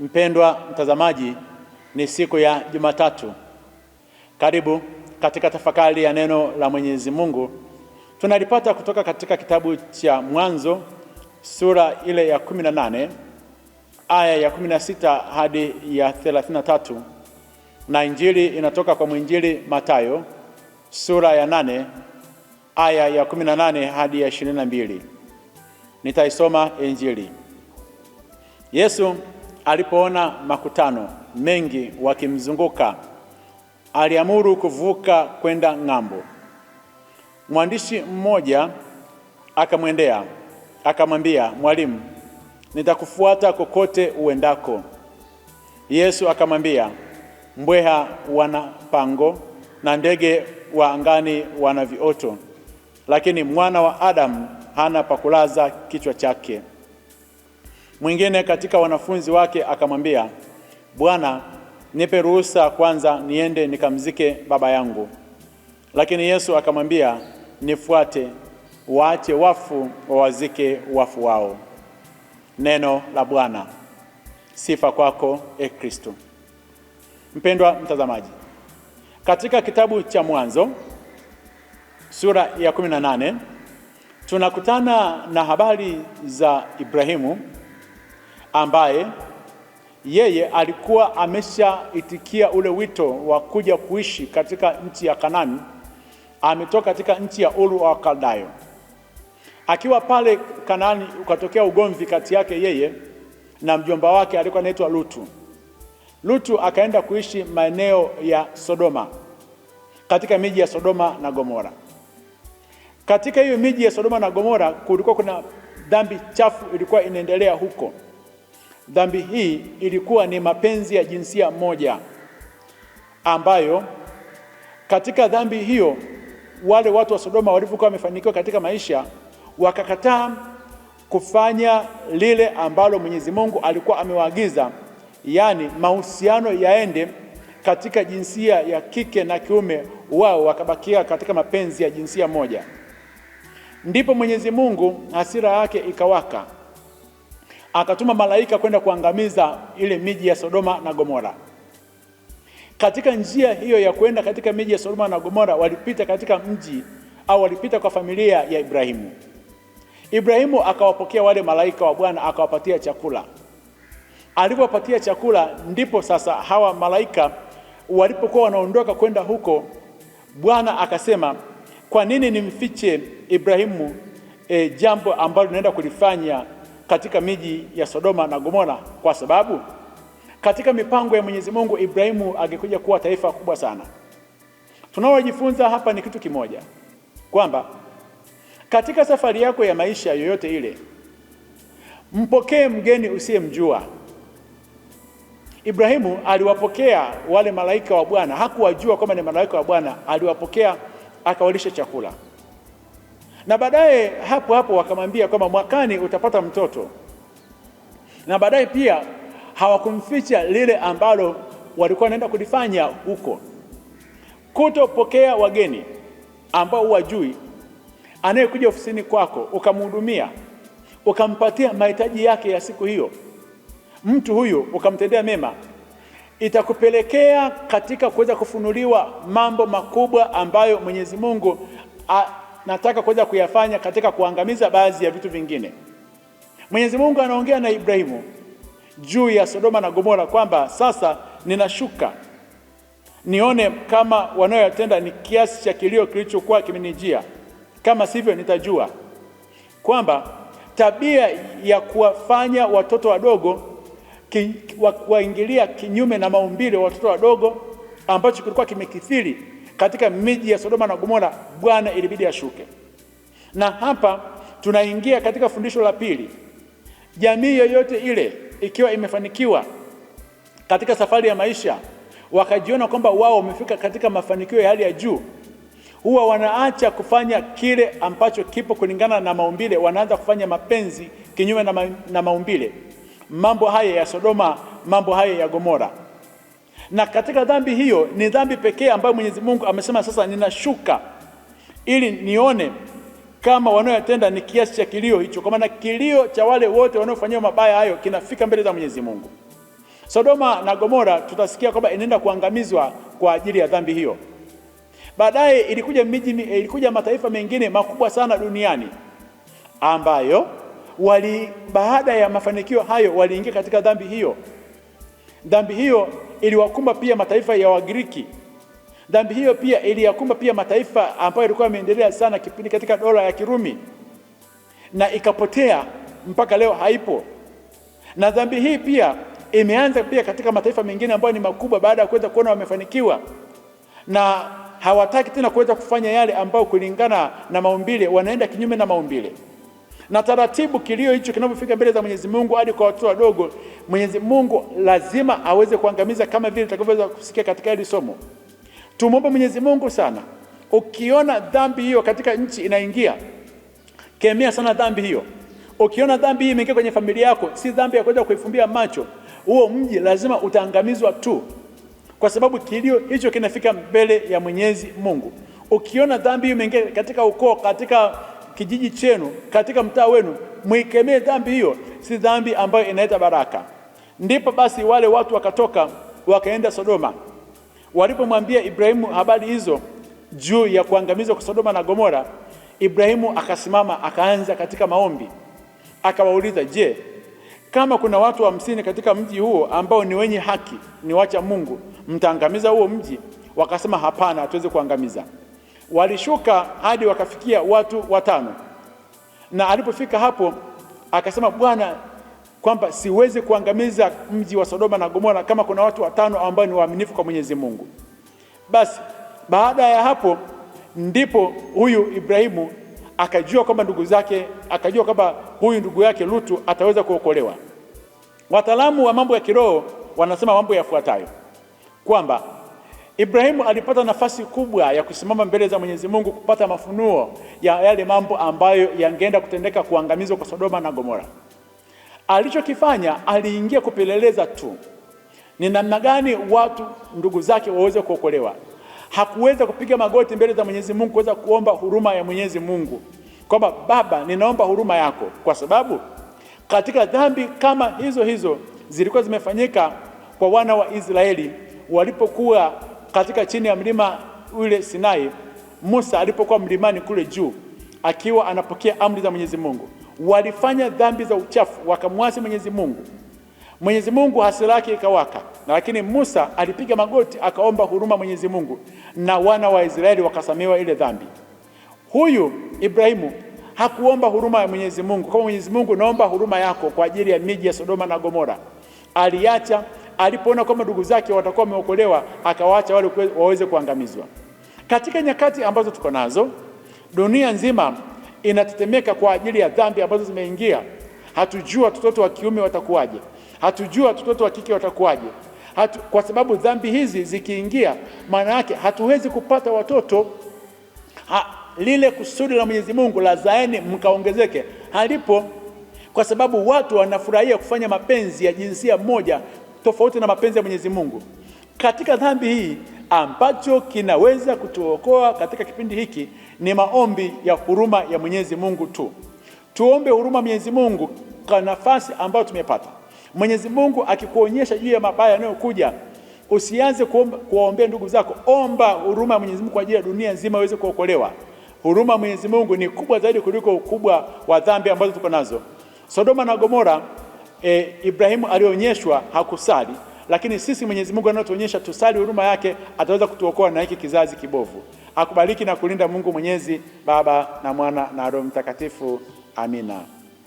Mpendwa mtazamaji, ni siku ya Jumatatu. Karibu katika tafakari ya neno la Mwenyezi Mungu tunalipata kutoka katika kitabu cha Mwanzo sura ile ya 18 aya ya 16 hadi ya 33, na injili inatoka kwa mwinjili matayo sura ya 8 aya ya 18 hadi ya 22. Nitaisoma Injili. Yesu alipoona makutano mengi wakimzunguka, aliamuru kuvuka kwenda ng'ambo. Mwandishi mmoja akamwendea akamwambia, Mwalimu, nitakufuata kokote uendako. Yesu akamwambia, mbweha wana pango na ndege wa angani wana vioto, lakini mwana wa Adamu hana pakulaza kichwa chake. Mwingine katika wanafunzi wake akamwambia, Bwana, nipe ruhusa kwanza niende nikamzike baba yangu. Lakini Yesu akamwambia, nifuate, waache wafu wawazike wafu wao. Neno la Bwana. Sifa kwako e Kristo. Mpendwa mtazamaji, katika kitabu cha Mwanzo sura ya 18 tunakutana na habari za Ibrahimu ambaye yeye alikuwa ameshaitikia ule wito wa kuja kuishi katika nchi ya Kanani, ametoka katika nchi ya Uru wa Kaldayo. Akiwa pale Kanaani ukatokea ugomvi kati yake yeye na mjomba wake alikuwa anaitwa Lutu. Lutu akaenda kuishi maeneo ya Sodoma, katika miji ya Sodoma na Gomora. Katika hiyo miji ya Sodoma na Gomora kulikuwa kuna dhambi chafu ilikuwa inaendelea huko Dhambi hii ilikuwa ni mapenzi ya jinsia moja, ambayo katika dhambi hiyo wale watu wa Sodoma walivyokuwa wamefanikiwa katika maisha, wakakataa kufanya lile ambalo Mwenyezi Mungu alikuwa amewaagiza, yaani mahusiano yaende katika jinsia ya kike na kiume, wao wakabakia katika mapenzi ya jinsia moja. Ndipo Mwenyezi Mungu hasira yake ikawaka akatuma malaika kwenda kuangamiza ile miji ya Sodoma na Gomora. Katika njia hiyo ya kwenda katika miji ya Sodoma na Gomora, walipita katika mji au walipita kwa familia ya Ibrahimu. Ibrahimu akawapokea wale malaika wa Bwana akawapatia chakula. Alipopatia chakula, ndipo sasa hawa malaika walipokuwa wanaondoka kwenda huko, Bwana akasema, kwa nini nimfiche Ibrahimu e, jambo ambalo linaenda kulifanya katika miji ya Sodoma na Gomora, kwa sababu katika mipango ya Mwenyezi Mungu Ibrahimu angekuja kuwa taifa kubwa sana. Tunaojifunza hapa ni kitu kimoja, kwamba katika safari yako ya maisha yoyote ile, mpokee mgeni usiyemjua. Ibrahimu aliwapokea wale malaika wa Bwana, hakuwajua kwamba ni malaika wa Bwana, aliwapokea akawalisha chakula na baadaye hapo hapo wakamwambia kwamba mwakani utapata mtoto, na baadaye pia hawakumficha lile ambalo walikuwa wanaenda kulifanya huko, kutopokea wageni ambao huwajui. Anayekuja ofisini kwako ukamhudumia, ukampatia mahitaji yake ya siku hiyo, mtu huyu ukamtendea mema, itakupelekea katika kuweza kufunuliwa mambo makubwa ambayo Mwenyezi Mungu nataka kuweza kuyafanya katika kuangamiza baadhi ya vitu vingine. Mwenyezi Mungu anaongea na Ibrahimu juu ya Sodoma na Gomora kwamba sasa ninashuka nione kama wanayoyatenda ni kiasi cha kilio kilichokuwa kimenijia, kama sivyo nitajua kwamba tabia ya kuwafanya watoto wadogo kuwaingilia kinyume na maumbile watoto wadogo ambacho kilikuwa kimekithiri katika miji ya Sodoma na Gomora Bwana ilibidi ashuke. Na hapa tunaingia katika fundisho la pili. Jamii yoyote ile ikiwa imefanikiwa katika safari ya maisha, wakajiona kwamba wao wamefika katika mafanikio ya hali ya juu, huwa wanaacha kufanya kile ambacho kipo kulingana na maumbile, wanaanza kufanya mapenzi kinyume na, ma na maumbile. Mambo haya ya Sodoma, mambo haya ya Gomora na katika dhambi hiyo ni dhambi pekee ambayo Mwenyezi Mungu amesema sasa ninashuka ili nione kama wanaoyatenda ni kiasi cha kilio hicho, kwa maana kilio cha wale wote wanaofanyiwa mabaya hayo kinafika mbele za Mwenyezi Mungu. Sodoma na Gomora tutasikia kwamba inaenda kuangamizwa kwa ajili ya dhambi hiyo. Baadaye ilikuja miji, ilikuja mataifa mengine makubwa sana duniani ambayo wali, baada ya mafanikio hayo waliingia katika dhambi hiyo. Dhambi hiyo iliwakumba pia mataifa ya Wagiriki. Dhambi hiyo pia iliyakumba pia mataifa ambayo yalikuwa yameendelea sana kipindi katika dola ya Kirumi na ikapotea mpaka leo haipo. Na dhambi hii pia imeanza pia katika mataifa mengine ambayo ni makubwa, baada ya kuweza kuona wamefanikiwa na hawataki tena kuweza kufanya yale ambayo kulingana na maumbile, wanaenda kinyume na maumbile na taratibu kilio hicho kinavyofika mbele za Mwenyezi Mungu hadi kwa watoto wadogo, Mwenyezi Mungu lazima aweze kuangamiza kama vile tutakavyoweza kusikia katika hili somo. Tumwombe Mwenyezi Mungu sana, ukiona dhambi hiyo katika nchi inaingia, kemea sana dhambi hiyo. Ukiona dhambi hii imeingia kwenye familia yako, si dhambi ya kuweza kuifumbia macho. Huo mji lazima utaangamizwa tu, kwa sababu kilio hicho kinafika mbele ya Mwenyezi Mungu. Ukiona dhambi hiyo imeingia katika ukoo, katika kijiji chenu, katika mtaa wenu, mwikemee dhambi hiyo, si dhambi ambayo inaleta baraka. Ndipo basi wale watu wakatoka wakaenda Sodoma. Walipomwambia Ibrahimu habari hizo juu ya kuangamizwa kwa Sodoma na Gomora, Ibrahimu akasimama akaanza katika maombi, akawauliza, je, kama kuna watu hamsini wa katika mji huo ambao ni wenye haki, ni wacha Mungu, mtaangamiza huo mji? Wakasema, hapana, hatuwezi kuangamiza. Walishuka hadi wakafikia watu watano, na alipofika hapo akasema Bwana kwamba siwezi kuangamiza mji wa Sodoma na Gomora kama kuna watu watano ambao ni waaminifu kwa Mwenyezi Mungu. Basi baada ya hapo ndipo huyu Ibrahimu akajua kwamba ndugu zake, akajua kwamba huyu ndugu yake Lutu ataweza kuokolewa. Wataalamu wa mambo ya kiroho wanasema mambo yafuatayo kwamba Ibrahimu alipata nafasi kubwa ya kusimama mbele za Mwenyezi Mungu kupata mafunuo ya yale mambo ambayo yangeenda kutendeka kuangamizwa kwa Sodoma na Gomora. Alichokifanya, aliingia kupeleleza tu ni namna gani watu ndugu zake waweze kuokolewa. Hakuweza kupiga magoti mbele za Mwenyezi Mungu kuweza kuomba huruma ya Mwenyezi Mungu kwamba Baba, ninaomba huruma yako, kwa sababu katika dhambi kama hizo hizo zilikuwa zimefanyika kwa wana wa Israeli walipokuwa katika chini ya mlima ule Sinai, Musa alipokuwa mlimani kule juu akiwa anapokea amri za Mwenyezi Mungu, walifanya dhambi za uchafu, wakamwasi Mwenyezi Mungu. Mwenyezi Mungu hasira yake ikawaka, lakini Musa alipiga magoti akaomba huruma Mwenyezi Mungu, na wana wa Israeli wakasamewa ile dhambi. Huyu Ibrahimu hakuomba huruma ya Mwenyezi Mungu, kama Mwenyezi Mungu, naomba huruma yako kwa ajili ya miji ya Sodoma na Gomora. Aliacha alipoona kwamba ndugu zake watakuwa wameokolewa, akawaacha wale waweze kuangamizwa. Katika nyakati ambazo tuko nazo, dunia nzima inatetemeka kwa ajili ya dhambi ambazo zimeingia. Hatujua watoto wa kiume watakuwaje, hatujua watoto wa kike watakuwaje hatu, kwa sababu dhambi hizi zikiingia, maana yake hatuwezi kupata watoto ha, lile kusudi la Mwenyezi Mungu la zaeni mkaongezeke halipo, kwa sababu watu wanafurahia kufanya mapenzi ya jinsia moja tofauti na mapenzi ya Mwenyezi Mungu katika dhambi hii. Ambacho kinaweza kutuokoa katika kipindi hiki ni maombi ya huruma ya Mwenyezi Mungu tu. Tuombe huruma Mwenyezi Mungu kwa nafasi ambayo tumepata. Mwenyezi Mungu akikuonyesha juu ya mabaya yanayokuja usianze kuwaombea ndugu zako, omba huruma ya Mwenyezi Mungu kwa ajili ya dunia nzima iweze kuokolewa. Huruma ya Mwenyezi Mungu ni kubwa zaidi kuliko ukubwa wa dhambi ambazo tuko nazo. Sodoma na Gomora e, Ibrahimu alionyeshwa hakusali, lakini sisi Mwenyezi Mungu anatuonyesha tusali huruma yake, ataweza kutuokoa na hiki kizazi kibovu. Akubariki na kulinda Mungu Mwenyezi, Baba na Mwana na Roho Mtakatifu. Amina.